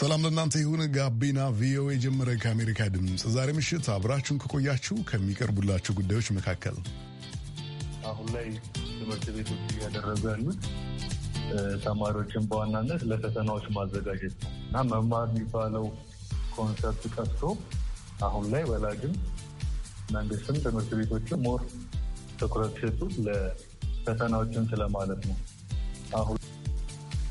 ሰላም ለእናንተ ይሁን። ጋቢና ቪኦኤ ጀመረ። ከአሜሪካ ድምፅ ዛሬ ምሽት አብራችሁን ከቆያችሁ ከሚቀርቡላችሁ ጉዳዮች መካከል አሁን ላይ ትምህርት ቤቶች እያደረጉ ያሉት ተማሪዎችን በዋናነት ለፈተናዎች ማዘጋጀት ነው እና መማር የሚባለው ኮንሰርት ቀርቶ አሁን ላይ ወላጅም መንግስትም ትምህርት ቤቶችም ሞር ትኩረት ሰጡት ለፈተናዎችን ስለማለት ነው አሁን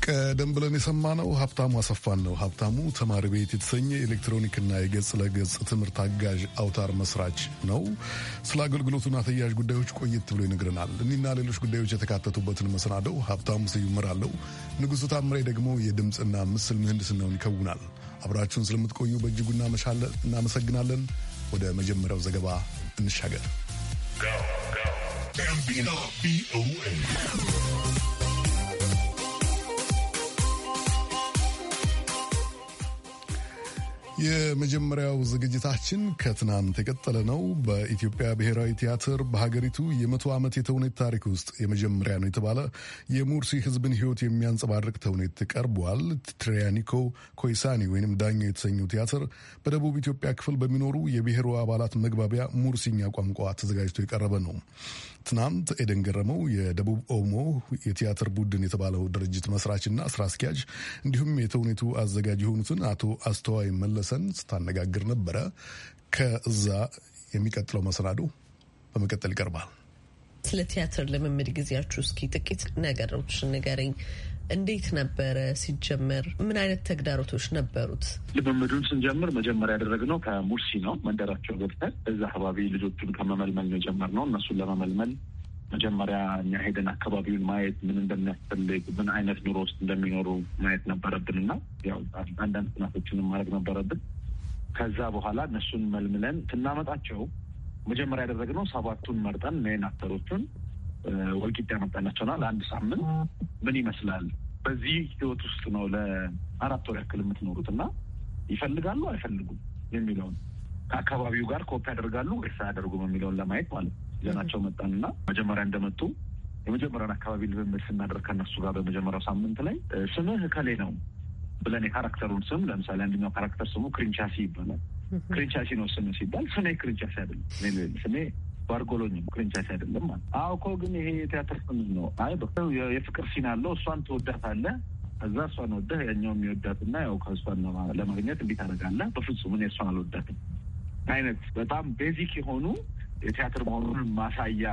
ቀደም ብለን የሰማነው ሀብታሙ አሰፋን ነው። ሀብታሙ ተማሪ ቤት የተሰኘ ኤሌክትሮኒክና የገጽ ለገጽ ትምህርት አጋዥ አውታር መስራች ነው። ስለ አገልግሎቱና ተያያዥ ጉዳዮች ቆየት ብሎ ይነግረናል። እኒና ሌሎች ጉዳዮች የተካተቱበትን መሰናደው ሀብታሙ ስዩም እመራለሁ። ንጉሡ ታምሬ ደግሞ የድምፅና ምስል ምህንድስናውን ይከውናል። አብራችሁን ስለምትቆዩ በእጅጉ እናመሰግናለን። ወደ መጀመሪያው ዘገባ እንሻገር። የመጀመሪያው ዝግጅታችን ከትናንት የቀጠለ ነው። በኢትዮጵያ ብሔራዊ ቲያትር በሀገሪቱ የመቶ ዓመት የተውኔት ታሪክ ውስጥ የመጀመሪያ ነው የተባለ የሙርሲ ሕዝብን ሕይወት የሚያንጸባርቅ ተውኔት ቀርቧል። ትሪያኒኮ ኮይሳኒ ወይም ዳኛ የተሰኘው ቲያትር በደቡብ ኢትዮጵያ ክፍል በሚኖሩ የብሔሩ አባላት መግባቢያ ሙርሲኛ ቋንቋ ተዘጋጅቶ የቀረበ ነው። ትናንት ኤደን ገረመው የደቡብ ኦሞ የቲያትር ቡድን የተባለው ድርጅት መስራችና ስራ አስኪያጅ እንዲሁም የተውኔቱ አዘጋጅ የሆኑትን አቶ አስተዋይ መለሰን ስታነጋግር ነበረ። ከዛ የሚቀጥለው መሰናዶ በመቀጠል ይቀርባል። ስለ ቲያትር ልምምድ ጊዜያችሁ እስኪ ጥቂት ነገሮች ንገረኝ። እንዴት ነበረ ሲጀመር? ምን አይነት ተግዳሮቶች ነበሩት? ልምምዱን ስንጀምር መጀመሪያ ያደረግነው ከሙርሲ ነው። መንደራቸው ገብተን እዛ አካባቢ ልጆቹን ከመመልመል ነው የጀመርነው። እነሱን ለመመልመል መጀመሪያ እኛ ሄደን አካባቢውን ማየት ምን እንደሚያስፈልግ ምን አይነት ኑሮ ውስጥ እንደሚኖሩ ማየት ነበረብን እና ያው አንዳንድ ጥናቶችንም ማድረግ ነበረብን። ከዛ በኋላ እነሱን መልምለን ስናመጣቸው መጀመሪያ ያደረግነው ሰባቱን መርጠን ሜን አክተሮቹን ወልቂጤ ያመጣላቸውና ለአንድ ሳምንት ምን ይመስላል በዚህ ህይወት ውስጥ ነው ለአራት ወር ያክል የምትኖሩት እና ይፈልጋሉ አይፈልጉም የሚለውን ከአካባቢው ጋር ኮፕ ያደርጋሉ ወይስ አያደርጉም የሚለውን ለማየት ማለት ይዘናቸው መጣንና መጀመሪያ እንደመጡ የመጀመሪያውን አካባቢ ልምምድ ስናደርግ ከነሱ ጋር በመጀመሪያው ሳምንት ላይ ስምህ ከሌ ነው ብለን የካራክተሩን ስም ለምሳሌ አንደኛው ካራክተር ስሙ ክሪንቻሲ ይባላል። ክሪንቻሲ ነው ስም ሲባል ስሜ ክሪንቻሲ አይደለም፣ ስሜ ባርጎሎኝም ቅርንጫፍ አይደለም ማለት አዎ እኮ ግን ይሄ የቲያትር ስም ነው። አይ የፍቅር ሲን አለው እሷን ትወዳታለህ ከዛ እሷን ወደህ ያኛው የሚወዳትና ያው ከእሷን ለማግኘት እንዲት አደርጋለህ? በፍጹም እኔ እሷን አልወዳትም አይነት በጣም ቤዚክ የሆኑ የቲያትር መሆኑን ማሳያ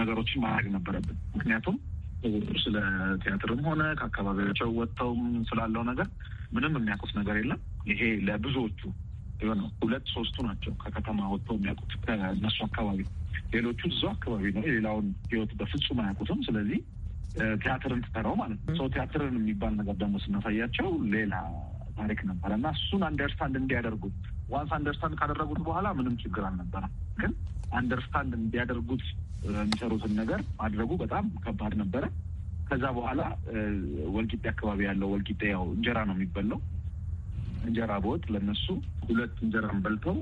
ነገሮችን ማድረግ ነበረብን። ምክንያቱም ስለ ቲያትርም ሆነ ከአካባቢያቸው ወጥተውም ስላለው ነገር ምንም የሚያውቁት ነገር የለም። ይሄ ለብዙዎቹ የሆነ ሁለት ሶስቱ ናቸው ከከተማ ወጥተው የሚያውቁት ከእነሱ አካባቢ። ሌሎቹ እዛው አካባቢ ነው፣ የሌላውን ህይወት በፍጹም አያውቁትም። ስለዚህ ቲያትርን ትተረው ማለት ነው። ሰው ቲያትርን የሚባል ነገር ደግሞ ስናሳያቸው ሌላ ታሪክ ነበረ እና እሱን አንደርስታንድ እንዲያደርጉ ዋንስ አንደርስታንድ ካደረጉት በኋላ ምንም ችግር አልነበረም። ግን አንደርስታንድ እንዲያደርጉት የሚሰሩትን ነገር ማድረጉ በጣም ከባድ ነበረ። ከዛ በኋላ ወልቂጤ አካባቢ ያለው ወልቂጤ ያው እንጀራ ነው የሚበላው እንጀራ በወጥ ለነሱ ሁለት እንጀራን በልተው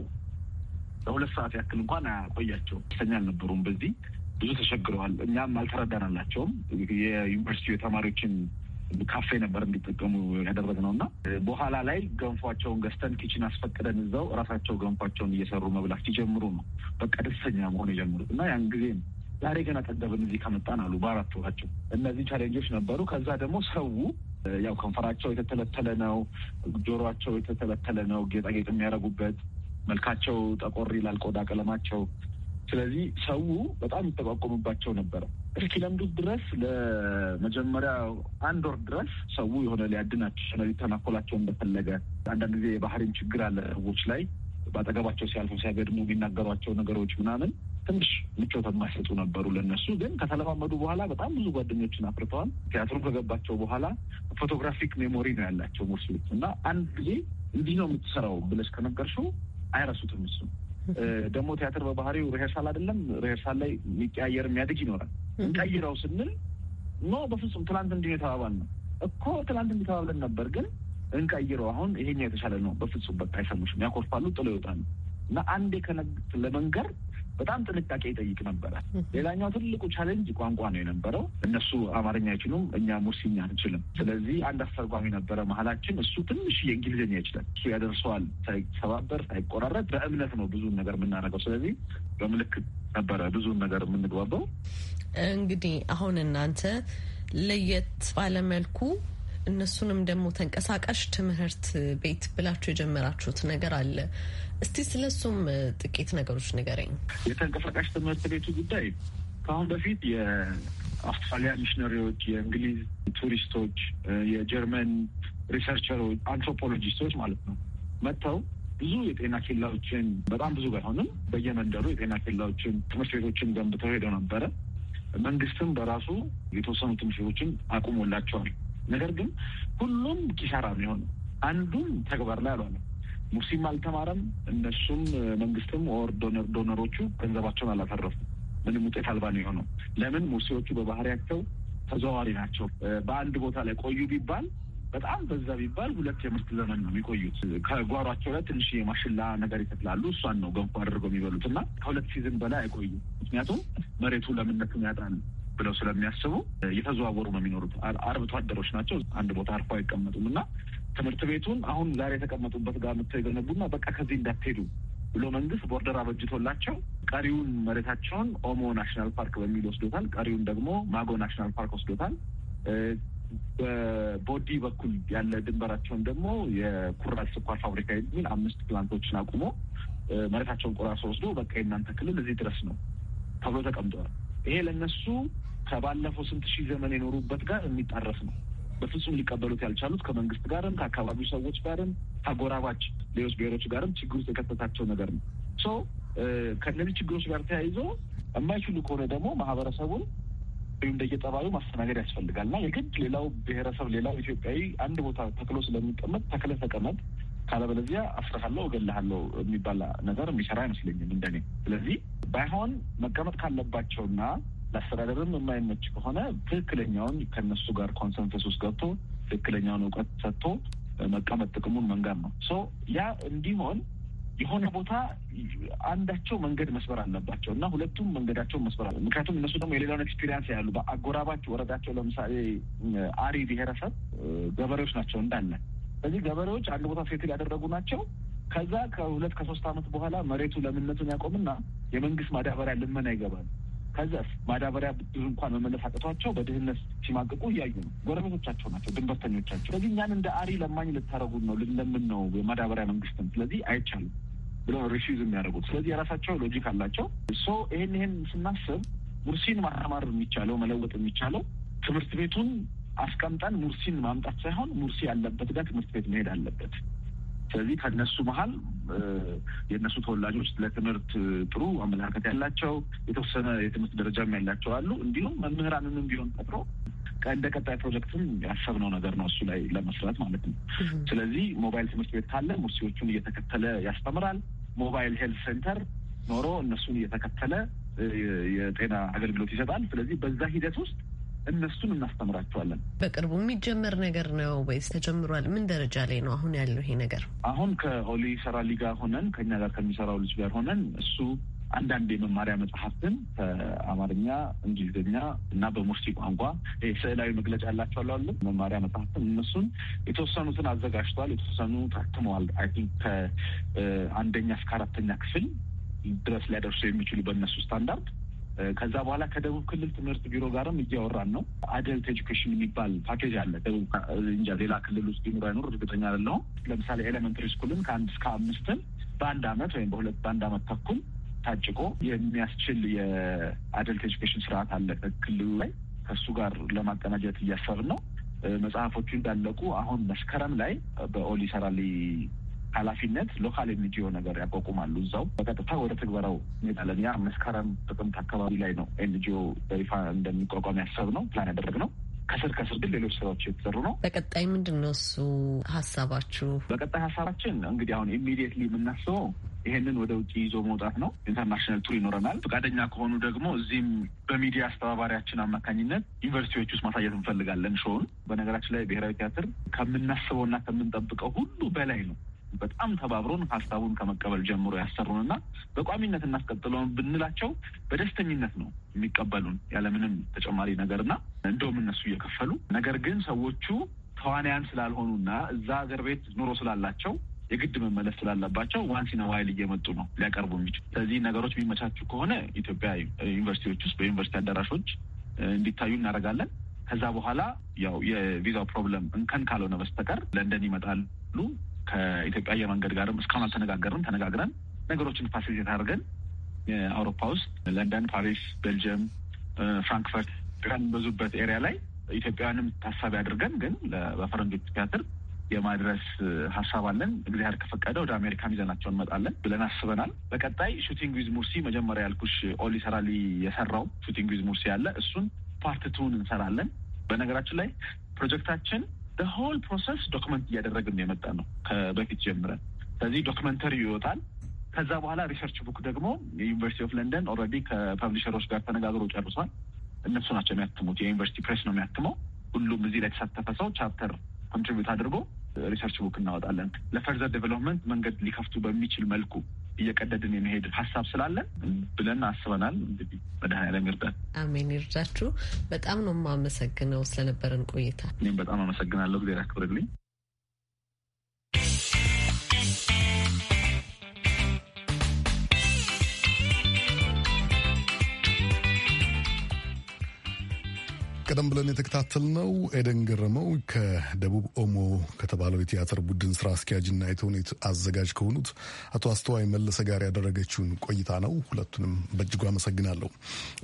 ለሁለት ሰዓት ያክል እንኳን አያቆያቸው ደስተኛ አልነበሩም። በዚህ ብዙ ተሸግረዋል። እኛም አልተረዳናላቸውም። የዩኒቨርሲቲ የተማሪዎችን ካፌ ነበር እንዲጠቀሙ ነው እና በኋላ ላይ ገንፏቸውን ገዝተን ኪችን አስፈቅደን እዛው እራሳቸው ገንፏቸውን እየሰሩ መብላት ሲጀምሩ ነው በቃ ደስተኛ መሆን የጀምሩት እና ያን ጊዜ ዛሬ ገና ጠገብን እዚህ ከመጣን አሉ በአራት ወራቸው። እነዚህ ቻሌንጆች ነበሩ። ከዛ ደግሞ ሰው ያው ከንፈራቸው የተተለተለ ነው፣ ጆሮቸው የተተለተለ ነው፣ ጌጣጌጥ የሚያደርጉበት መልካቸው ጠቆር ይላል ቆዳ ቀለማቸው። ስለዚህ ሰው በጣም ይጠቋቆሙባቸው ነበረ። እስኪለምዱት ድረስ ለመጀመሪያ አንድ ወር ድረስ ሰው የሆነ ሊያድናቸው ሊተናኮላቸው እንደፈለገ። አንዳንድ ጊዜ የባህሪም ችግር አለ ሰዎች ላይ በአጠገባቸው ሲያልፉ ሲያገድሙ የሚናገሯቸው ነገሮች ምናምን ትንሽ ምቾት የማይሰጡ ነበሩ። ለነሱ ግን ከተለማመዱ በኋላ በጣም ብዙ ጓደኞችን አፍርተዋል። ቲያትሩ ከገባቸው በኋላ ፎቶግራፊክ ሜሞሪ ነው ያላቸው ሙስሊም እና አንድ ጊዜ እንዲህ ነው የምትሰራው ብለሽ ከነገርሽው አይረሱትም። እሱ ደግሞ ቲያትር በባህሪው ሪሄርሳል አይደለም። ሪሄርሳል ላይ የሚቀያየር የሚያድግ ይኖራል። እንቀይረው ስንል ኖ በፍጹም ትላንት እንዲህ የተባባል ነው እኮ ትላንት እንዲተባብለን ነበር ግን እንቀይረው፣ አሁን ይሄኛ የተሻለ ነው፣ በፍጹም በቃ አይሰሙሽም፣ ያኮርፋሉ፣ ጥሎ ይወጣሉ። እና አንዴ ከነግ ለመንገር በጣም ጥንቃቄ ይጠይቅ ነበረ። ሌላኛው ትልቁ ቻሌንጅ ቋንቋ ነው የነበረው። እነሱ አማርኛ አይችሉም፣ እኛ ሙርሲኛ አንችልም። ስለዚህ አንድ አስተርጓሚ ነበረ መሀላችን። እሱ ትንሽ የእንግሊዝኛ ይችላል፣ እሱ ያደርሰዋል፣ ሳይሰባበር ሳይቆራረጥ። በእምነት ነው ብዙን ነገር የምናደርገው። ስለዚህ በምልክት ነበረ ብዙን ነገር የምንግባበው። እንግዲህ አሁን እናንተ ለየት ባለመልኩ እነሱንም ደግሞ ተንቀሳቃሽ ትምህርት ቤት ብላችሁ የጀመራችሁት ነገር አለ። እስቲ ስለሱም ጥቂት ነገሮች ንገረኝ። የተንቀሳቃሽ ትምህርት ቤቱ ጉዳይ ከአሁን በፊት የአውስትራሊያ ሚሽነሪዎች፣ የእንግሊዝ ቱሪስቶች፣ የጀርመን ሪሰርቸሮች፣ አንትሮፖሎጂስቶች ማለት ነው መጥተው ብዙ የጤና ኬላዎችን በጣም ብዙ ባይሆንም በየመንደሩ የጤና ኬላዎችን፣ ትምህርት ቤቶችን ገንብተው ሄደው ነበረ። መንግስትም በራሱ የተወሰኑ ትምህርት ቤቶችን አቁሞላቸዋል። ነገር ግን ሁሉም ኪሳራ ነው የሆነው። አንዱም ተግባር ላይ አልሆነም። ሙርሲም አልተማረም። እነሱም መንግስትም ወር ዶነሮቹ ገንዘባቸውን አላተረፉ ምንም ውጤት አልባ ነው የሆነው። ለምን ሙርሲዎቹ በባህሪያቸው ተዘዋዋሪ ናቸው። በአንድ ቦታ ላይ ቆዩ ቢባል በጣም በዛ ቢባል ሁለት የምርት ዘመን ነው የሚቆዩት። ከጓሯቸው ላይ ትንሽ የማሽላ ነገር ይተክላሉ። እሷን ነው ገንፎ አድርገው የሚበሉት እና ከሁለት ሲዝን በላይ አይቆዩም። ምክንያቱም መሬቱ ለምነቱን ያጣል። ብለው ስለሚያስቡ እየተዘዋወሩ ነው የሚኖሩት። አርብቶ አደሮች ናቸው። አንድ ቦታ አርፎ አይቀመጡም እና ትምህርት ቤቱን አሁን ዛሬ የተቀመጡበት ጋር መጥተው የገነቡና በቃ ከዚህ እንዳትሄዱ ብሎ መንግስት ቦርደር አበጅቶላቸው ቀሪውን መሬታቸውን ኦሞ ናሽናል ፓርክ በሚል ወስዶታል። ቀሪውን ደግሞ ማጎ ናሽናል ፓርክ ወስዶታል። በቦዲ በኩል ያለ ድንበራቸውን ደግሞ የኩራዝ ስኳር ፋብሪካ የሚል አምስት ፕላንቶችን አቁሞ መሬታቸውን ቆራርሶ ወስዶ በቃ የእናንተ ክልል እዚህ ድረስ ነው ተብሎ ተቀምጠዋል። ይሄ ለእነሱ ከባለፈው ስንት ሺህ ዘመን የኖሩበት ጋር የሚጣረስ ነው። በፍጹም ሊቀበሉት ያልቻሉት ከመንግስት ጋርም ከአካባቢው ሰዎች ጋርም ከጎራባች ሌሎች ብሔሮች ጋርም ችግር ውስጥ የከተታቸው ነገር ነው። ሶ ከእነዚህ ችግሮች ጋር ተያይዞ የማይችሉ ከሆነ ደግሞ ማህበረሰቡን ወይም እንደየጠባዩ ማስተናገድ ያስፈልጋል እና የግድ ሌላው ብሔረሰብ ሌላው ኢትዮጵያዊ አንድ ቦታ ተክሎ ስለሚቀመጥ ተክለ ተቀመጥ፣ ካለበለዚያ አስረሃለሁ እገልሃለሁ የሚባል ነገር የሚሰራ አይመስለኝም እንደኔ። ስለዚህ ባይሆን መቀመጥ ካለባቸውና ለአስተዳደርም የማይመች ከሆነ ትክክለኛውን ከነሱ ጋር ኮንሰንሰስ ውስጥ ገብቶ ትክክለኛውን እውቀት ሰጥቶ መቀመጥ ጥቅሙን መንጋር ነው። ሶ ያ እንዲሆን የሆነ ቦታ አንዳቸው መንገድ መስበር አለባቸው እና ሁለቱም መንገዳቸውን መስበር አለ። ምክንያቱም እነሱ ደግሞ የሌላውን ኤክስፒሪያንስ ያሉ በአጎራባቸው ወረዳቸው ለምሳሌ አሪ ብሔረሰብ ገበሬዎች ናቸው እንዳለ። ስለዚህ ገበሬዎች አንድ ቦታ ሴትል ያደረጉ ናቸው። ከዛ ከሁለት ከሶስት ዓመት በኋላ መሬቱ ለምነቱን ያቆምና የመንግስት ማዳበሪያ ልመና ይገባል። ከዘፍ ማዳበሪያ ብድር እንኳን መመለስ አቅቷቸው በድህነት ሲማቅቁ እያዩ ነው። ጎረቤቶቻቸው ናቸው ድንበርተኞቻቸው። ስለዚህ እኛን እንደ አሪ ለማኝ ልታረጉን ነው ልንለምን ነው የማዳበሪያ መንግስትን። ስለዚህ አይቻልም ብለው ሪፊዝ የሚያደርጉት ስለዚህ የራሳቸው ሎጂክ አላቸው። ሶ ይህን ይህን ስናስብ ሙርሲን ማስተማር የሚቻለው መለወጥ የሚቻለው ትምህርት ቤቱን አስቀምጠን ሙርሲን ማምጣት ሳይሆን ሙርሲ ያለበት ጋር ትምህርት ቤት መሄድ አለበት። ስለዚህ ከነሱ መሀል የእነሱ ተወላጆች ለትምህርት ጥሩ አመለካከት ያላቸው የተወሰነ የትምህርት ደረጃም ያላቸው አሉ። እንዲሁም መምህራንንም ቢሆን ቀጥሮ እንደ ቀጣይ ፕሮጀክትም ያሰብነው ነገር ነው እሱ ላይ ለመስራት ማለት ነው። ስለዚህ ሞባይል ትምህርት ቤት ካለ ሙርሲዎቹን እየተከተለ ያስተምራል። ሞባይል ሄልት ሴንተር ኖሮ እነሱን እየተከተለ የጤና አገልግሎት ይሰጣል። ስለዚህ በዛ ሂደት ውስጥ እነሱን እናስተምራቸዋለን። በቅርቡ የሚጀመር ነገር ነው ወይስ ተጀምሯል? ምን ደረጃ ላይ ነው አሁን ያለው ይሄ ነገር? አሁን ከሆሊ ሰራሊ ጋር ሆነን ከኛ ጋር ከሚሰራው ልጅ ጋር ሆነን እሱ አንዳንድ የመማሪያ መጽሐፍትን ከአማርኛ፣ እንግሊዝኛ እና በሙርሲ ቋንቋ ስዕላዊ መግለጫ ያላቸው አሉ መማሪያ መጽሐፍትን እነሱን የተወሰኑትን አዘጋጅተዋል። የተወሰኑ ታትመዋል። አይ ቲንክ ከአንደኛ እስከ አራተኛ ክፍል ድረስ ሊያደርሱ የሚችሉ በእነሱ ስታንዳርድ ከዛ በኋላ ከደቡብ ክልል ትምህርት ቢሮ ጋርም እያወራን ነው። አደልት ኤጁኬሽን የሚባል ፓኬጅ አለ። ደቡብ እንጃ ሌላ ክልል ውስጥ ቢኖር አይኖር እርግጠኛ አይደለሁም። ለምሳሌ ኤሌመንትሪ ስኩልን ከአንድ እስከ አምስትን በአንድ አመት ወይም በሁለት በአንድ አመት ተኩል ታጭቆ የሚያስችል የአደልት ኤጁኬሽን ስርዓት አለ ክልሉ ላይ። ከእሱ ጋር ለማቀናጀት እያሰብን ነው። መጽሐፎቹ እንዳለቁ አሁን መስከረም ላይ በኦሊ ሰራሊ ኃላፊነት ሎካል ኤንጂኦ ነገር ያቋቁማሉ። እዛው በቀጥታ ወደ ትግበራው እንሄዳለን። ያ መስከረም ጥቅምት አካባቢ ላይ ነው ኤንጂኦ በይፋ እንደሚቋቋም ነው ፕላን ነው። ከስር ከስር ግን ሌሎች ስራዎች የተሰሩ ነው። በቀጣይ ምንድን ነው እሱ ሀሳባችሁ? በቀጣይ ሀሳባችን እንግዲህ አሁን ኢሚዲየትሊ የምናስበው ይሄንን ወደ ውጭ ይዞ መውጣት ነው። ኢንተርናሽናል ቱር ይኖረናል። ፈቃደኛ ከሆኑ ደግሞ እዚህም በሚዲያ አስተባባሪያችን አማካኝነት ዩኒቨርሲቲዎች ውስጥ ማሳየት እንፈልጋለን። ሾውን በነገራችን ላይ ብሔራዊ ቲያትር ከምናስበውና ከምንጠብቀው ሁሉ በላይ ነው። በጣም ተባብሮን ሀሳቡን ከመቀበል ጀምሮ ያሰሩንና በቋሚነት እናስቀጥለውን ብንላቸው በደስተኝነት ነው የሚቀበሉን ያለምንም ተጨማሪ ነገርና እንደውም እነሱ እየከፈሉ ነገር ግን ሰዎቹ ተዋናያን ስላልሆኑና እዛ ሀገር ቤት ኑሮ ስላላቸው የግድ መመለስ ስላለባቸው ዋንስ ኢን ዋይል እየመጡ ነው ሊያቀርቡ የሚችሉ። ስለዚህ ነገሮች የሚመቻቹ ከሆነ ኢትዮጵያ ዩኒቨርሲቲዎች ውስጥ በዩኒቨርሲቲ አዳራሾች እንዲታዩ እናደርጋለን። ከዛ በኋላ ያው የቪዛው ፕሮብለም እንከን ካልሆነ በስተቀር ለንደን ይመጣሉ። ከኢትዮጵያ አየር መንገድ ጋርም እስካሁን አልተነጋገርም። ተነጋግረን ነገሮችን ፋሲሊቴት አድርገን የአውሮፓ ውስጥ ለንደን፣ ፓሪስ፣ ቤልጅየም፣ ፍራንክፈርት በዙበት ኤሪያ ላይ ኢትዮጵያውያንም ታሳቢ አድርገን ግን በፈረንጆች ቲያትር የማድረስ ሀሳብ አለን። እግዚአብሔር ከፈቀደ ወደ አሜሪካም ይዘናቸው እንመጣለን ብለን አስበናል። በቀጣይ ሹቲንግ ዊዝ ሙርሲ መጀመሪያ ያልኩሽ ኦሊ ሰራሊ የሰራው ሹቲንግ ዊዝ ሙርሲ ያለ እሱን ቱን እንሰራለን። በነገራችን ላይ ፕሮጀክታችን ሆል ፕሮሰስ ዶክመንት እያደረግን የመጣ ነው ከበፊት ጀምረን። ስለዚህ ዶክመንተሪ ይወጣል። ከዛ በኋላ ሪሰርች ቡክ ደግሞ የዩኒቨርሲቲ ኦፍ ለንደን ኦልሬዲ ከፐብሊሸሮች ጋር ተነጋግሮ ጨርሷል። እነሱ ናቸው የሚያትሙት። የዩኒቨርሲቲ ፕሬስ ነው የሚያትመው። ሁሉም እዚህ ላይ የተሳተፈ ሰው ቻፕተር ኮንትሪቢዩት አድርጎ ሪሰርች ቡክ እናወጣለን። ለፈርዘር ዴቨሎፕመንት መንገድ ሊከፍቱ በሚችል መልኩ እየቀደድን የመሄድ ሀሳብ ስላለን ብለን አስበናል። እንግዲህ መድኃኔዓለም ይርዳል። አሜን ይርዳችሁ። በጣም ነው የማመሰግነው ስለነበረን ቆይታ። እኔም በጣም አመሰግናለሁ። ዜራ ያክብርልኝ። ቀደም ብለን የተከታተልነው ኤደን ገረመው ከደቡብ ኦሞ ከተባለው የቲያትር ቡድን ስራ አስኪያጅና የተውኔት አዘጋጅ ከሆኑት አቶ አስተዋይ መለሰ ጋር ያደረገችውን ቆይታ ነው። ሁለቱንም በእጅጉ አመሰግናለሁ።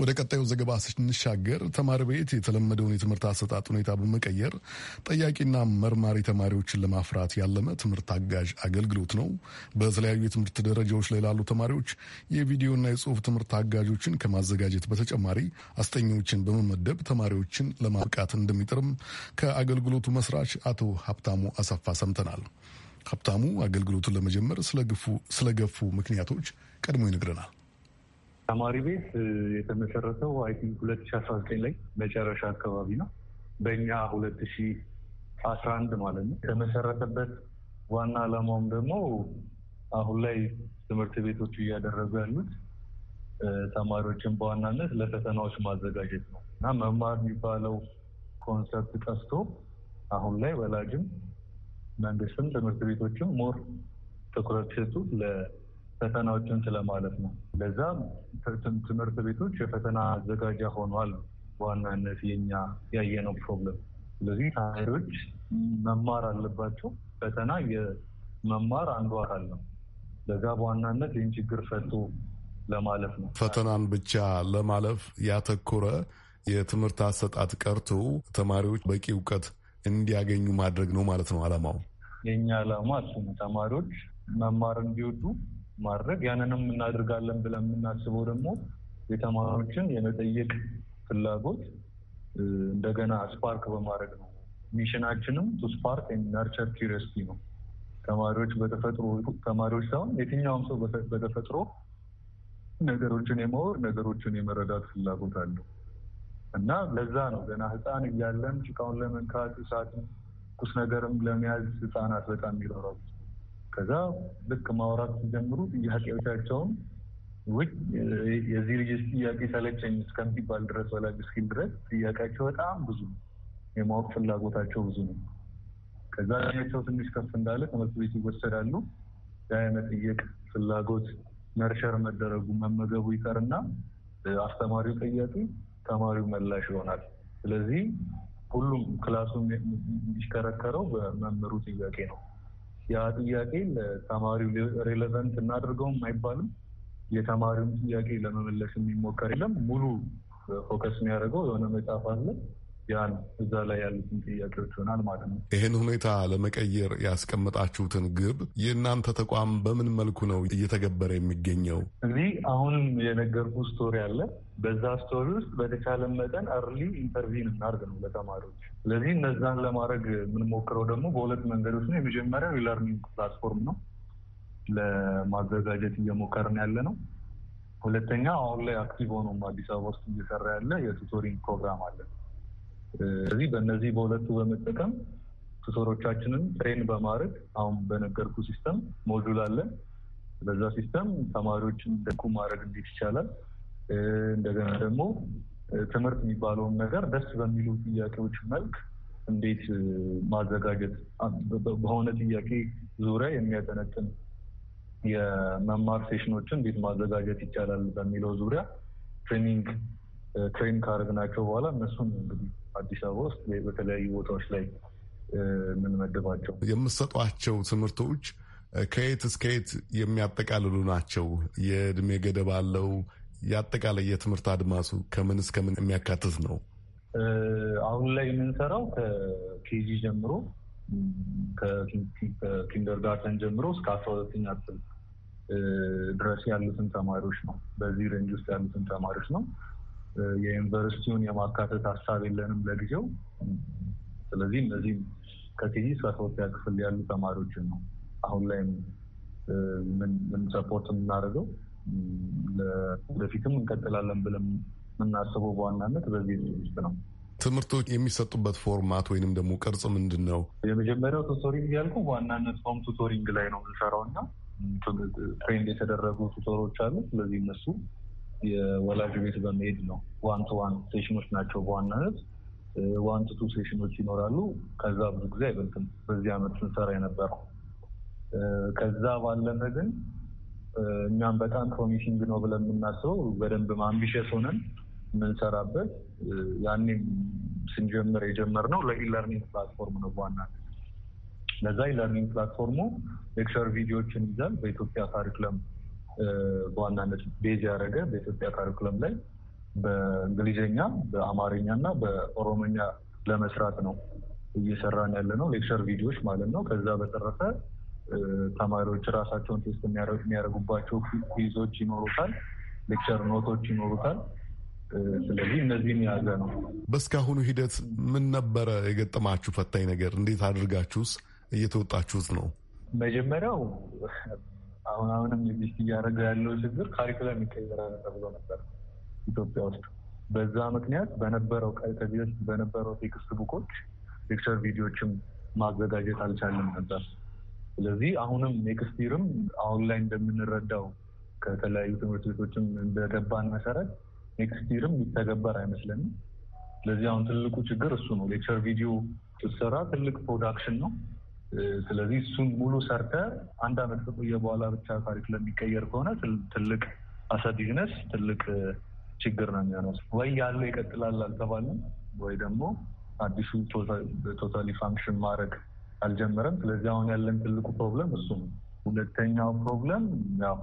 ወደ ቀጣዩ ዘገባ ስንሻገር ተማሪ ቤት የተለመደውን የትምህርት አሰጣጥ ሁኔታ በመቀየር ጠያቂና መርማሪ ተማሪዎችን ለማፍራት ያለመ ትምህርት አጋዥ አገልግሎት ነው። በተለያዩ የትምህርት ደረጃዎች ላይ ላሉ ተማሪዎች የቪዲዮና የጽሁፍ ትምህርት አጋዦችን ከማዘጋጀት በተጨማሪ አስጠኚዎችን በመመደብ ተማሪዎችን ዜጎችን ለማብቃት እንደሚጥርም ከአገልግሎቱ መስራች አቶ ሀብታሙ አሰፋ ሰምተናል። ሀብታሙ አገልግሎቱን ለመጀመር ስለገፉ ምክንያቶች ቀድሞ ይነግረናል። ተማሪ ቤት የተመሰረተው አይ ቲንክ ሁለት ሺ አስራ ዘጠኝ ላይ መጨረሻ አካባቢ ነው። በእኛ ሁለት ሺ አስራ አንድ ማለት ነው። የተመሰረተበት ዋና ዓላማውም ደግሞ አሁን ላይ ትምህርት ቤቶች እያደረጉ ያሉት ተማሪዎችን በዋናነት ለፈተናዎች ማዘጋጀት ነው። እና መማር የሚባለው ኮንሰፕት ቀስቶ አሁን ላይ ወላጅም መንግስትም ትምህርት ቤቶችም ሞር ትኩረት ሲሰጡ ለፈተናዎችን ስለማለት ነው። ለዛ ትምህርት ቤቶች የፈተና አዘጋጃ ሆኗል በዋናነት የኛ ያየነው ፕሮብለም። ስለዚህ ተማሪዎች መማር አለባቸው። ፈተና የመማር አንዱ አካል ነው። ለዛ በዋናነት ይህን ችግር ፈቶ ለማለፍ ነው። ፈተናን ብቻ ለማለፍ ያተኮረ የትምህርት አሰጣጥ ቀርቶ ተማሪዎች በቂ እውቀት እንዲያገኙ ማድረግ ነው ማለት ነው አላማው። የእኛ አላማ እሱ ነው። ተማሪዎች መማር እንዲወዱ ማድረግ። ያንንም እናደርጋለን ብለን የምናስበው ደግሞ የተማሪዎችን የመጠየቅ ፍላጎት እንደገና ስፓርክ በማድረግ ነው። ሚሽናችንም ቱ ስፓርክ ናርቸር ኪሪስቲ ነው። ተማሪዎች በተፈጥሮ ተማሪዎች ሳይሆን የትኛውም ሰው በተፈጥሮ ነገሮችን የማወቅ ነገሮችን የመረዳት ፍላጎት አለው። እና ለዛ ነው ገና ህፃን እያለን ጭቃውን ለመንካት እሳትን ቁስ ነገርም ለመያዝ ህፃናት በጣም ይሮራሉ። ከዛ ልክ ማውራት ሲጀምሩ ጥያቄዎቻቸውን ውጭ የዚህ ልጅ ጥያቄ ሰለቸኝ እስከሚባል ድረስ ወላጅ እስኪል ድረስ ጥያቄያቸው በጣም ብዙ ነው። የማወቅ ፍላጎታቸው ብዙ ነው። ከዛ ያቸው ትንሽ ከፍ እንዳለ ትምህርት ቤት ይወሰዳሉ። የመጠየቅ ፍላጎት መርሸር መደረጉ መመገቡ ይቀርና አስተማሪው ጠያቂ ተማሪው መላሽ ይሆናል። ስለዚህ ሁሉም ክላሱ የሚሽከረከረው በመምህሩ ጥያቄ ነው። ያ ጥያቄ ለተማሪው ሬሌቨንት እናድርገውም አይባልም። የተማሪውን ጥያቄ ለመመለስ የሚሞከር የለም። ሙሉ ፎከስ የሚያደርገው የሆነ መጽሐፍ አለ። ያን እዛ ላይ ያሉትን ጥያቄዎች ይሆናል ማለት ነው። ይህን ሁኔታ ለመቀየር ያስቀመጣችሁትን ግብ የእናንተ ተቋም በምን መልኩ ነው እየተገበረ የሚገኘው? እንግዲህ አሁን የነገርኩ ስቶሪ አለ በዛ ስቶሪ ውስጥ በተቻለ መጠን አርሊ ኢንተርቪን እናርግ ነው ለተማሪዎች። ስለዚህ እነዛን ለማድረግ የምንሞክረው ደግሞ በሁለት መንገዶች ነው። የመጀመሪያው የለርኒንግ ፕላትፎርም ነው ለማዘጋጀት እየሞከርን ያለ ነው። ሁለተኛ አሁን ላይ አክቲቭ ሆኖም አዲስ አበባ ውስጥ እየሰራ ያለ የቱቶሪንግ ፕሮግራም አለ። ስለዚህ በእነዚህ በሁለቱ በመጠቀም ቱቶሮቻችንን ትሬን በማድረግ አሁን በነገርኩ ሲስተም ሞጁል አለ። በዛ ሲስተም ተማሪዎችን ደኩ ማድረግ እንዴት ይቻላል እንደገና ደግሞ ትምህርት የሚባለውን ነገር ደስ በሚሉ ጥያቄዎች መልክ እንዴት ማዘጋጀት በሆነ ጥያቄ ዙሪያ የሚያጠነጥን የመማር ሴሽኖችን እንዴት ማዘጋጀት ይቻላል በሚለው ዙሪያ ትሬኒንግ ትሬን ካደረግናቸው በኋላ እነሱን እንግዲህ አዲስ አበባ ውስጥ በተለያዩ ቦታዎች ላይ የምንመድባቸው የምትሰጧቸው ትምህርቶች ከየት እስከየት የሚያጠቃልሉ ናቸው? የእድሜ ገደብ አለው? የአጠቃላይ የትምህርት አድማሱ ከምን እስከ ምን የሚያካትት ነው? አሁን ላይ የምንሰራው ከኬጂ ጀምሮ ከኪንደርጋርተን ጀምሮ እስከ አስራ ሁለተኛ ክፍል ድረስ ያሉትን ተማሪዎች ነው። በዚህ ሬንጅ ውስጥ ያሉትን ተማሪዎች ነው። የዩኒቨርሲቲውን የማካተት ሀሳብ የለንም ለጊዜው። ስለዚህ እነዚህም ከኬጂ እስከ አስራ ሁለተኛ ክፍል ያሉ ተማሪዎችን ነው አሁን ላይ ምን ሰፖርት የምናደርገው ወደፊትም እንቀጥላለን ብለን የምናስበው በዋናነት በዚህ ውስጥ ነው። ትምህርቶች የሚሰጡበት ፎርማት ወይንም ደግሞ ቅርጽ ምንድን ነው? የመጀመሪያው ቱቶሪንግ ያልኩ በዋናነት ሆም ቱቶሪንግ ላይ ነው የምንሰራው እና ትሬንድ የተደረጉ ቱቶሮች አሉ። ስለዚህ እነሱ የወላጅ ቤት በመሄድ ነው። ዋን ቱ ዋን ሴሽኖች ናቸው በዋናነት ዋን ቱ ቱ ሴሽኖች ይኖራሉ። ከዛ ብዙ ጊዜ አይበልጥም። በዚህ አመት ስንሰራ የነበረው ከዛ ባለፈ ግን እኛም በጣም ፕሮሚሲንግ ነው ብለን የምናስበው በደንብ አምቢሽስ ሆነን የምንሰራበት ያኔም ስንጀምር የጀመርነው ለኢለርኒንግ ፕላትፎርም ነው በዋና ለዛ ኢለርኒንግ ፕላትፎርሙ ሌክቸር ቪዲዮዎችን ይዛል። በኢትዮጵያ ካሪኩለም በዋናነት ቤዝ ያደረገ በኢትዮጵያ ካሪኩለም ላይ በእንግሊዝኛ፣ በአማርኛ እና በኦሮምኛ ለመስራት ነው እየሰራን ያለ ነው። ሌክቸር ቪዲዮዎች ማለት ነው። ከዛ በተረፈ ተማሪዎች ራሳቸውን ቴስት የሚያደርጉባቸው ኪዞች ይኖሩታል፣ ሌክቸር ኖቶች ይኖሩታል። ስለዚህ እነዚህን የያዘ ነው። በእስካሁኑ ሂደት ምን ነበረ የገጠማችሁ ፈታኝ ነገር? እንዴት አድርጋችሁስ እየተወጣችሁት ነው? መጀመሪያው አሁን አሁንም ዚስ እያደረገ ያለው ችግር ካሪኩለም ይቀየራል ተብሎ ነበር ኢትዮጵያ ውስጥ። በዛ ምክንያት በነበረው ከዚህ በነበረው ቴክስት ቡኮች ሌክቸር ቪዲዮችም ማዘጋጀት አልቻለም ነበር። ስለዚህ አሁንም ኔክስት ይርም አሁን ላይ እንደምንረዳው ከተለያዩ ትምህርት ቤቶችም እንደገባን መሰረት ኔክስት ይርም ይተገበር አይመስለንም። ስለዚህ አሁን ትልቁ ችግር እሱ ነው። ሌክቸር ቪዲዮ ስትሰራ ትልቅ ፕሮዳክሽን ነው። ስለዚህ እሱን ሙሉ ሰርተ አንድ አመት ከቆየ በኋላ ብቻ ታሪክ ለሚቀየር ከሆነ ትልቅ አሰቢዝነስ ትልቅ ችግር ነው የሚሆነው። ወይ ያለው ይቀጥላል አልተባለም፣ ወይ ደግሞ አዲሱ ቶታሊ ፋንክሽን ማድረግ አልጀመረም። ስለዚህ አሁን ያለን ትልቁ ፕሮብለም እሱ ነው። ሁለተኛው ፕሮብለም ያው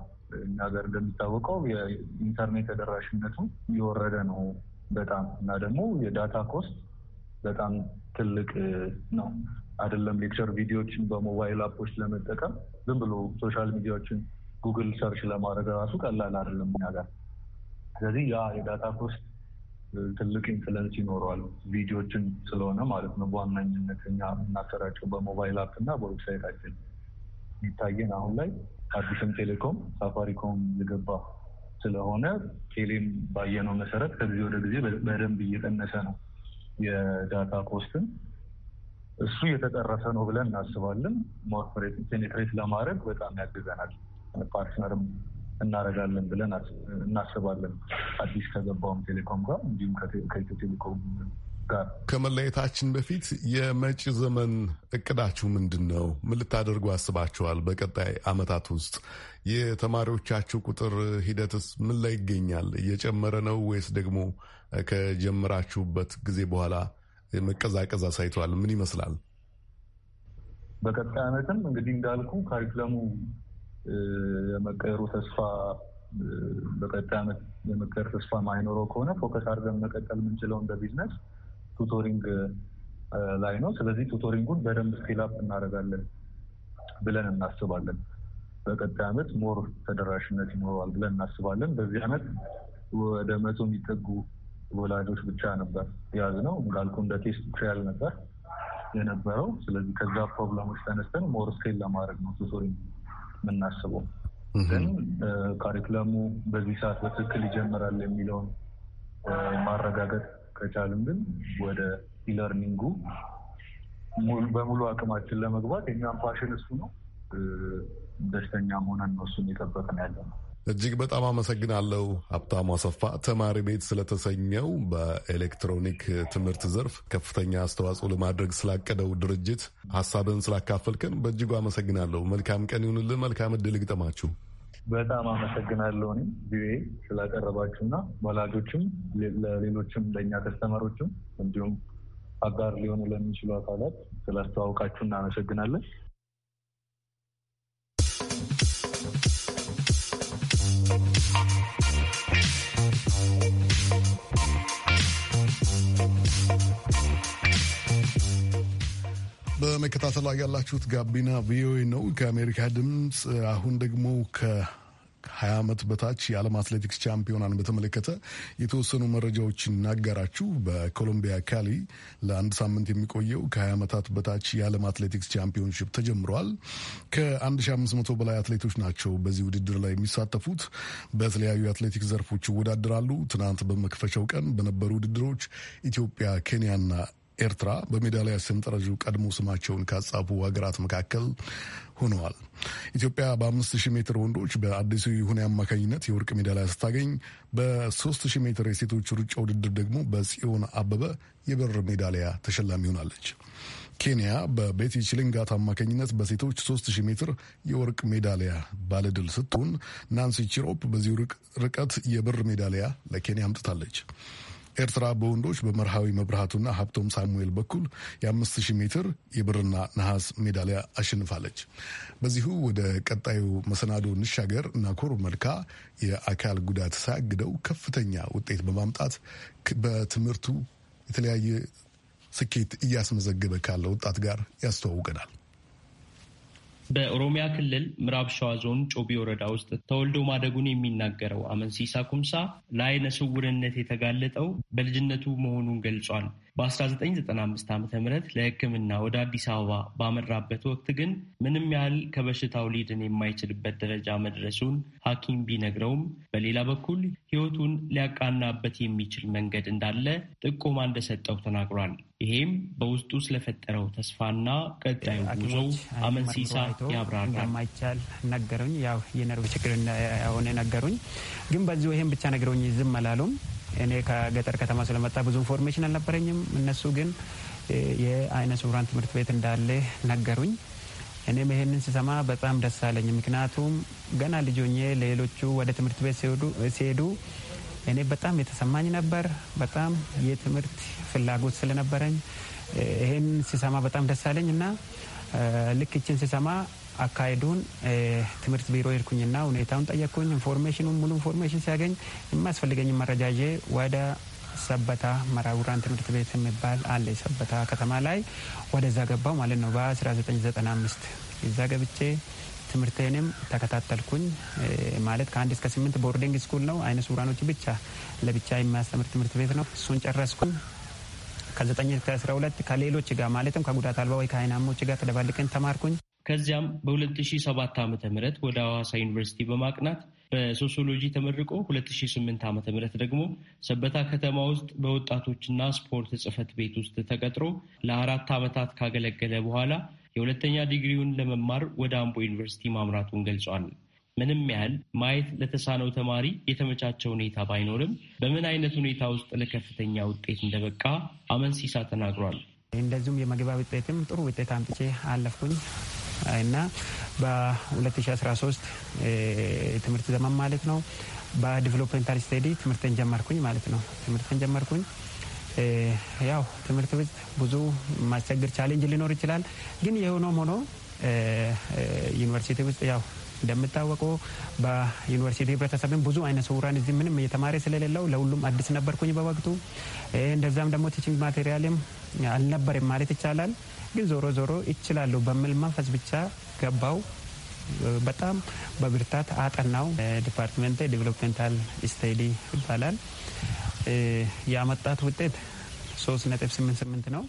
እኛ ሀገር እንደሚታወቀው የኢንተርኔት ተደራሽነቱ እየወረደ ነው በጣም እና ደግሞ የዳታ ኮስት በጣም ትልቅ ነው። አይደለም ሌክቸር ቪዲዮዎችን በሞባይል አፖች ለመጠቀም ዝም ብሎ ሶሻል ሚዲያዎችን ጉግል ሰርች ለማድረግ ራሱ ቀላል አይደለም እኛ ጋር። ስለዚህ ያ የዳታ ኮስት ትልቅ ኢንፍለንስ ይኖረዋል። ቪዲዮችን ስለሆነ ማለት ነው በዋናኝነት እኛ እናሰራጨው በሞባይል አፕ እና በዌብሳይታችን የሚታየን አሁን ላይ አዲስም ቴሌኮም ሳፋሪኮም የገባ ስለሆነ ቴሌም ባየነው መሰረት ከጊዜ ወደ ጊዜ በደንብ እየቀነሰ ነው የዳታ ኮስትን። እሱ የተጠረሰ ነው ብለን እናስባለን። ሞር ፔኔትሬት ለማድረግ በጣም ያግዘናል። ፓርትነርም እናደርጋለን ብለን እናስባለን። አዲስ ከገባውም ቴሌኮም ጋር እንዲሁም ከኢትዮ ቴሌኮም ጋር ከመለየታችን በፊት የመጪ ዘመን እቅዳችሁ ምንድን ነው? ምን ልታደርጉ አስባችኋል? በቀጣይ አመታት ውስጥ የተማሪዎቻችሁ ቁጥር ሂደትስ ምን ላይ ይገኛል? እየጨመረ ነው ወይስ ደግሞ ከጀመራችሁበት ጊዜ በኋላ መቀዛቀዝ አሳይተዋል? ምን ይመስላል? በቀጣይ አመትም እንግዲህ እንዳልኩ ካሪክለሙ የመቀየሩ ተስፋ በቀጣይ ዓመት የመቀየር ተስፋ ማይኖረው ከሆነ ፎከስ አድርገን መቀጠል የምንችለው እንደ ቢዝነስ ቱቶሪንግ ላይ ነው። ስለዚህ ቱቶሪንጉን በደንብ ስኬላፕ እናደርጋለን ብለን እናስባለን። በቀጣይ ዓመት ሞር ተደራሽነት ይኖረዋል ብለን እናስባለን። በዚህ ዓመት ወደ መቶ የሚጠጉ ወላጆች ብቻ ነበር የያዝነው። እንዳልኩ እንደ ቴስት ትሪያል ነበር የነበረው። ስለዚህ ከዛ ፕሮብለሞች ተነስተን ሞር ስኬል ለማድረግ ነው ቱቶሪንግ የምናስበው። ግን ካሪክለሙ በዚህ ሰዓት በትክክል ይጀምራል የሚለውን ማረጋገጥ ከቻልም ግን ወደ ኢለርኒንጉ በሙሉ አቅማችን ለመግባት የኛም ፋሽን እሱ ነው። ደስተኛ መሆነን ነው እሱን እየጠበቅን ያለ ነው። እጅግ በጣም አመሰግናለሁ ሀብታሙ አሰፋ። ተማሪ ቤት ስለተሰኘው በኤሌክትሮኒክ ትምህርት ዘርፍ ከፍተኛ አስተዋጽኦ ለማድረግ ስላቀደው ድርጅት ሀሳብን ስላካፈልከን በእጅጉ አመሰግናለሁ። መልካም ቀን ይሁንልን። መልካም እድል ይግጠማችሁ። በጣም አመሰግናለሁ እኔም ቪኦኤ ስላቀረባችሁና ወላጆችም ለሌሎችም ለእኛ ከስተመሮችም እንዲሁም አጋር ሊሆኑ ለሚችሉ አካላት ስላስተዋውቃችሁ እናመሰግናለን። በመከታተል ላይ ያላችሁት ጋቢና ቪኦኤ ነው ከአሜሪካ ድምፅ። አሁን ደግሞ ከ20 ዓመት በታች የዓለም አትሌቲክስ ቻምፒዮናን በተመለከተ የተወሰኑ መረጃዎችን እናጋራችሁ። በኮሎምቢያ ካሊ ለአንድ ሳምንት የሚቆየው ከ20 ዓመታት በታች የዓለም አትሌቲክስ ቻምፒዮንሽፕ ተጀምሯል። ከ1500 በላይ አትሌቶች ናቸው በዚህ ውድድር ላይ የሚሳተፉት። በተለያዩ የአትሌቲክስ ዘርፎች ይወዳደራሉ። ትናንት በመክፈቻው ቀን በነበሩ ውድድሮች ኢትዮጵያ፣ ኬንያና ኤርትራ በሜዳሊያ ሰንጠረዡ ቀድሞ ስማቸውን ካጻፉ ሀገራት መካከል ሆነዋል። ኢትዮጵያ በ5000 ሜትር ወንዶች በአዲሱ ይሁኔ አማካኝነት የወርቅ ሜዳሊያ ስታገኝ በ3000 ሜትር የሴቶች ሩጫ ውድድር ደግሞ በጽዮን አበበ የብር ሜዳሊያ ተሸላሚ ሆናለች። ኬንያ በቤቲ ችሊንጋት አማካኝነት በሴቶች 3000 ሜትር የወርቅ ሜዳሊያ ባለድል ስትሆን ናንሲ ቺሮፕ በዚሁ ርቀት የብር ሜዳሊያ ለኬንያ አምጥታለች። ኤርትራ በወንዶች በመርሃዊ መብርሃቱና ሀብቶም ሳሙኤል በኩል የ5000 ሜትር የብርና ነሐስ ሜዳሊያ አሸንፋለች። በዚሁ ወደ ቀጣዩ መሰናዶ እንሻገር። ናኮር መልካ የአካል ጉዳት ሳያግደው ከፍተኛ ውጤት በማምጣት በትምህርቱ የተለያየ ስኬት እያስመዘገበ ካለ ወጣት ጋር ያስተዋውቀናል። በኦሮሚያ ክልል ምዕራብ ሸዋ ዞን ጮቢ ወረዳ ውስጥ ተወልዶ ማደጉን የሚናገረው አመንሲሳ ኩምሳ ለአይነ ስውርነት የተጋለጠው በልጅነቱ መሆኑን ገልጿል። በ1995 ዓ ም ለሕክምና ወደ አዲስ አበባ ባመራበት ወቅት ግን ምንም ያህል ከበሽታው ሊድን የማይችልበት ደረጃ መድረሱን ሐኪም ቢነግረውም በሌላ በኩል ሕይወቱን ሊያቃናበት የሚችል መንገድ እንዳለ ጥቆማ እንደሰጠው ተናግሯል። ይሄም በውስጡ ስለፈጠረው ተስፋና ቀጣዩ ጉዞው አመንሲሳ ያብራራል። እንደማይቻል ነገሩኝ። ያው የነርቭ ችግር ሆነ ነገሩኝ። ግን በዚሁ ይሄም ብቻ ነገረኝ ዝም አላሉም። እኔ ከገጠር ከተማ ስለመጣ ብዙ ኢንፎርሜሽን አልነበረኝም። እነሱ ግን የአይነ ስውራን ትምህርት ቤት እንዳለ ነገሩኝ። እኔም ይሄንን ስሰማ በጣም ደስ አለኝ። ምክንያቱም ገና ልጆኜ ሌሎቹ ወደ ትምህርት ቤት ሲሄዱ እኔ በጣም የተሰማኝ ነበር። በጣም የትምህርት ፍላጎት ስለነበረኝ ይህን ስሰማ በጣም ደስ አለኝ እና ልክ ስሰማ አካሄዱን ትምህርት ቢሮ ሄድኩኝና ሁኔታውን ጠየቅኩኝ። ኢንፎርሜሽኑን ሙሉ ኢንፎርሜሽን ሲያገኝ የሚያስፈልገኝ መረጃ ይዤ ወደ ሰበታ መራውራን ትምህርት ቤት የሚባል አለ ሰበታ ከተማ ላይ ወደዛ ገባው ማለት ነው በ1995 እዛ ገብቼ ትምህርቴንም ተከታተልኩኝ ማለት ከአንድ እስከ ስምንት ቦርዲንግ ስኩል ነው። አይነ ሱራኖች ብቻ ለብቻ የሚያስተምር ትምህርት ቤት ነው። እሱን ጨረስኩኝ። 9 እስከ አስራ ከሌሎች ጋር ማለትም ከጉዳት አልባ ወይ ከአይናሞች ጋር ተደባልቀን ተማርኩኝ። ከዚያም በ2007 ዓ ም ወደ ሐዋሳ ዩኒቨርሲቲ በማቅናት በሶሲዮሎጂ ተመርቆ 2008 ዓ ም ደግሞ ሰበታ ከተማ ውስጥ በወጣቶችና ስፖርት ጽህፈት ቤት ውስጥ ተቀጥሮ ለአራት ዓመታት ካገለገለ በኋላ የሁለተኛ ዲግሪውን ለመማር ወደ አምቦ ዩኒቨርሲቲ ማምራቱን ገልጿል። ምንም ያህል ማየት ለተሳነው ተማሪ የተመቻቸ ሁኔታ ባይኖርም በምን አይነት ሁኔታ ውስጥ ለከፍተኛ ውጤት እንደበቃ አመንሲሳ ተናግሯል። እንደዚሁም የመግቢያ ውጤትም ጥሩ ውጤት አምጥቼ አለፍኩኝ። እና በ2013 ትምህርት ዘመን ማለት ነው በዲቨሎፕመንታል ስተዲ ትምህርትን ጀመርኩኝ ማለት ነው። ትምህርትን ጀመርኩኝ። ያው ትምህርት ብዙ ማስቸግር ቻሌንጅ ሊኖር ይችላል፣ ግን የሆነም ሆኖ ዩኒቨርሲቲ ውስጥ ያው እንደምታወቀው በዩኒቨርሲቲ ህብረተሰብን ብዙ አይነት ስውራን እዚህ ምንም እየተማረ ስለሌለው ለሁሉም አዲስ ነበርኩኝ በወቅቱ። እንደዛም ደግሞ ቲችንግ ማቴሪያልም አልነበርም ማለት ይቻላል። ግን ዞሮ ዞሮ ይችላሉ በሚል መንፈስ ብቻ ገባው። በጣም በብርታት አጠናው። ዲፓርትመንት ዴቨሎፕሜንታል ስተዲ ይባላል። ያመጣት ውጤት 3.88 ነው።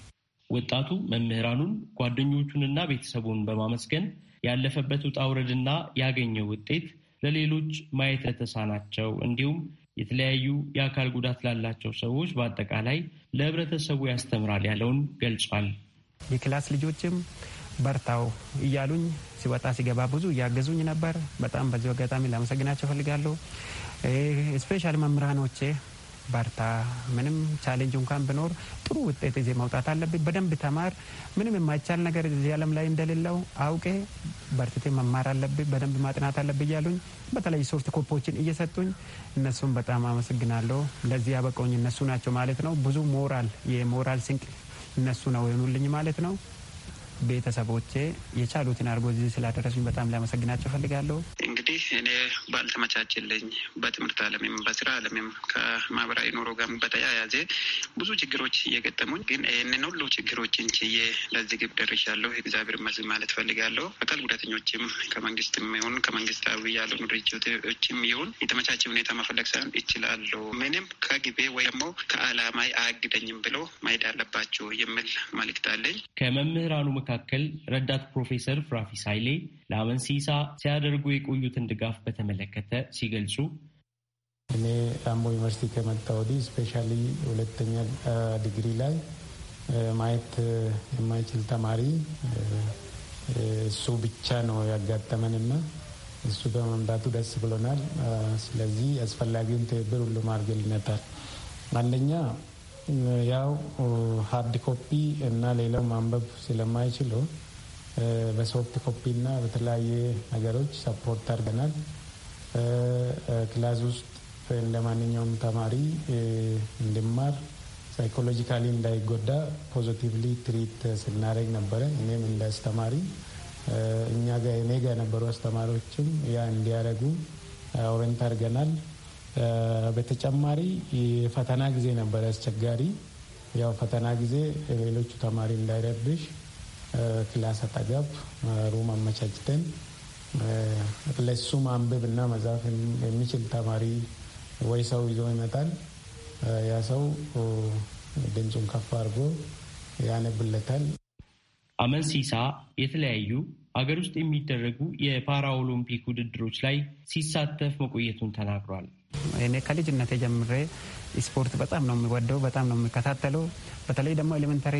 ወጣቱ መምህራኑን፣ ጓደኞቹንና ቤተሰቡን በማመስገን ያለፈበት ውጣ ውረድና ያገኘው ውጤት ለሌሎች ማየት ለተሳናቸው እንዲሁም የተለያዩ የአካል ጉዳት ላላቸው ሰዎች በአጠቃላይ ለህብረተሰቡ ያስተምራል ያለውን ገልጿል። የክላስ ልጆችም በርታው እያሉኝ ሲወጣ ሲገባ ብዙ እያገዙኝ ነበር። በጣም በዚሁ አጋጣሚ ላመሰግናቸው ፈልጋለሁ። ስፔሻል መምህራኖቼ በርታ፣ ምንም ቻሌንጅ እንኳን ብኖር ጥሩ ውጤት ይዜ መውጣት አለብኝ፣ በደንብ ተማር፣ ምንም የማይቻል ነገር እዚህ ዓለም ላይ እንደሌለው አውቄ በርትቴ መማር አለብኝ፣ በደንብ ማጥናት አለብኝ እያሉኝ በተለይ ሶፍት ኮፖችን እየሰጡኝ እነሱን በጣም አመሰግናለሁ። ለዚህ ያበቀውኝ እነሱ ናቸው ማለት ነው። ብዙ ሞራል የሞራል ስንቅ እነሱ ነው የሆኑልኝ ማለት ነው። ቤተሰቦቼ የቻሉትን አድርጎ እዚህ ስላደረሱኝ በጣም ሊያመሰግናቸው ፈልጋለሁ። እኔ ባልተመቻችልኝ በትምህርት አለምም በስራ አለምም ከማህበራዊ ኑሮ ጋር በተያያዘ ብዙ ችግሮች እየገጠሙኝ፣ ግን ይህንን ሁሉ ችግሮችን ችዬ ለዚህ ግብ ደርሻለሁ። እግዚአብሔር ይመስገን ማለት ፈልጋለሁ። አካል ጉዳተኞችም ከመንግስትም ይሁን ከመንግስታዊ ያልሆኑ ድርጅቶችም ይሁን የተመቻቸ ሁኔታ መፈለግ ሳይሆን ይችላሉ። ምንም ከግቤ ወይ ደግሞ ከአላማ አያግደኝም ብሎ ማሄድ አለባቸው የሚል መልእክት አለኝ። ከመምህራኑ መካከል ረዳት ፕሮፌሰር ፍራፊስ ኃይሌ ለአመንሲሳ ሲያደርጉ የቆዩትን ድጋፍ በተመለከተ ሲገልጹ እኔ አምቦ ዩኒቨርሲቲ ከመጣ ወዲህ ስፔሻሊ ሁለተኛ ዲግሪ ላይ ማየት የማይችል ተማሪ እሱ ብቻ ነው ያጋጠመን እና እሱ በመምጣቱ ደስ ብሎናል። ስለዚህ አስፈላጊውን ትብብር ሁሉም አድርገልነታል። አንደኛ ያው ሀርድ ኮፒ እና ሌላው ማንበብ ስለማይችለው በሶፍት ኮፒ እና በተለያየ ነገሮች ሰፖርት አድርገናል። ክላስ ውስጥ እንደ ማንኛውም ተማሪ እንድማር ሳይኮሎጂካሊ እንዳይጎዳ ፖዚቲቭሊ ትሪት ስናደርግ ነበረ። እኔም እንደ አስተማሪ እኛ ጋ እኔ ጋ የነበሩ አስተማሪዎችም ያ እንዲያደርጉ ኦሬንት አድርገናል። በተጨማሪ የፈተና ጊዜ ነበረ አስቸጋሪ። ያው ፈተና ጊዜ ሌሎቹ ተማሪ እንዳይረብሽ ክላስ አጠገብ ሩም አመቻችተን ለሱ ማንበብ እና መጻፍ የሚችል ተማሪ ወይ ሰው ይዞ ይመጣል። ያ ሰው ድምፁን ከፍ አድርጎ ያነብለታል። አመንሲሳ የተለያዩ አገር ውስጥ የሚደረጉ የፓራ ኦሎምፒክ ውድድሮች ላይ ሲሳተፍ መቆየቱን ተናግሯል። እኔ ከልጅነቴ ጀምሬ ስፖርት በጣም ነው የሚወደው፣ በጣም ነው የሚከታተለው። በተለይ ደግሞ ኤሌመንተሪ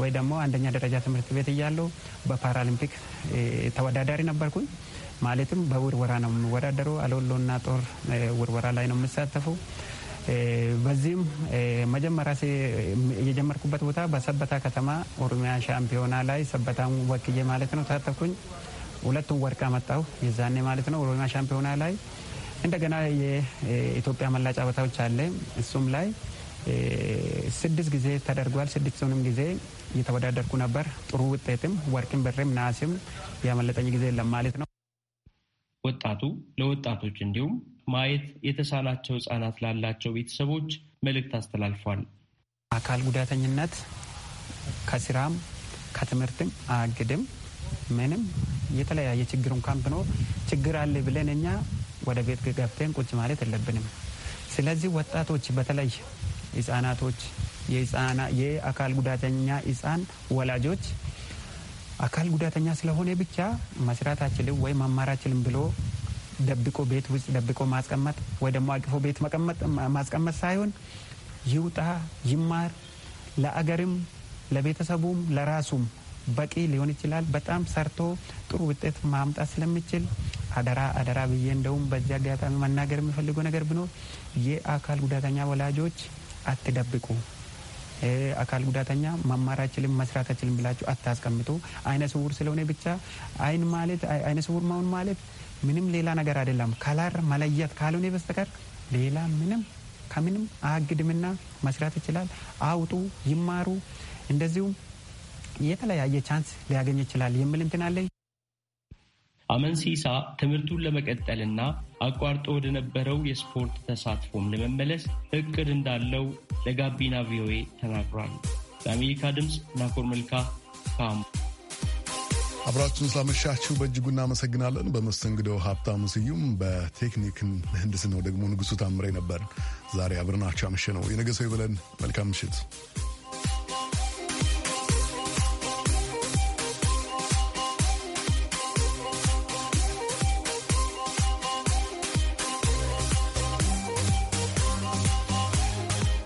ወይ ደግሞ አንደኛ ደረጃ ትምህርት ቤት እያለሁ በፓራሊምፒክ ተወዳዳሪ ነበርኩኝ። ማለትም በውርወራ ነው የሚወዳደሩ፣ አሎሎና ጦር ውርወራ ላይ ነው የሚሳተፉ። በዚህም መጀመሪያ የጀመርኩበት ቦታ በሰበታ ከተማ ኦሮሚያ ሻምፒዮና ላይ ሰበታን ወክዬ ማለት ነው ታተኩኝ። ሁለቱም ወርቅ አመጣሁ የዛኔ ማለት ነው ኦሮሚያ ሻምፒዮና ላይ እንደገና የኢትዮጵያ መላጫ ቦታዎች አለ። እሱም ላይ ስድስት ጊዜ ተደርጓል። ስድስቱንም ጊዜ እየተወዳደርኩ ነበር። ጥሩ ውጤትም ወርቅም፣ ብርም ነሐስም ያመለጠኝ ጊዜ የለም ማለት ነው። ወጣቱ ለወጣቶች እንዲሁም ማየት የተሳናቸው ሕጻናት ላላቸው ቤተሰቦች መልእክት አስተላልፏል። አካል ጉዳተኝነት ከስራም ከትምህርትም አያግድም። ምንም የተለያየ ችግር እንኳን ብኖር ችግር አለ ብለን እኛ ወደ ቤት ገብተን ቁጭ ማለት የለብንም። ስለዚህ ወጣቶች በተለይ ህጻናቶች፣ የአካል ጉዳተኛ ህጻን ወላጆች አካል ጉዳተኛ ስለሆነ ብቻ መስራት አችልም ወይ መማር አችልም ብሎ ደብቆ ቤት ውስጥ ደብቆ ማስቀመጥ ወይ ደግሞ አቅፎ ቤት ማስቀመጥ ሳይሆን ይውጣ፣ ይማር፣ ለአገርም ለቤተሰቡም ለራሱም በቂ ሊሆን ይችላል። በጣም ሰርቶ ጥሩ ውጤት ማምጣት ስለሚችል አደራ አደራ ብዬ እንደውም በዚህ አጋጣሚ መናገር የሚፈልገው ነገር ቢኖር የአካል ጉዳተኛ ወላጆች አትደብቁ። አካል ጉዳተኛ መማር አይችልም መስራት አይችልም ብላችሁ አታስቀምጡ። አይነ ስውር ስለሆነ ብቻ አይን ማለት አይነ ስውር መሆን ማለት ምንም ሌላ ነገር አይደለም። ከላር መለየት ካልሆነ በስተቀር ሌላ ምንም ከምንም አግድምና መስራት ይችላል። አውጡ፣ ይማሩ፣ እንደዚሁም የተለያየ ቻንስ ሊያገኝ ይችላል የሚል እንትን አለኝ። አመንሲሳ ትምህርቱን ለመቀጠልና አቋርጦ ወደ ነበረው የስፖርት ተሳትፎም ለመመለስ እቅድ እንዳለው ለጋቢና ቪኦኤ ተናግሯል። ለአሜሪካ ድምፅ ናኮር መልካ ካሙ። አብራችን ስላመሻችሁ በእጅጉ እናመሰግናለን። በመስተንግዶ ሀብታሙ ስዩም፣ በቴክኒክ ነው ደግሞ ንጉሱ ታምሬ ነበር። ዛሬ አብረናችሁ አመሸ ነው። የነገ ሰው ይበለን። መልካም ምሽት።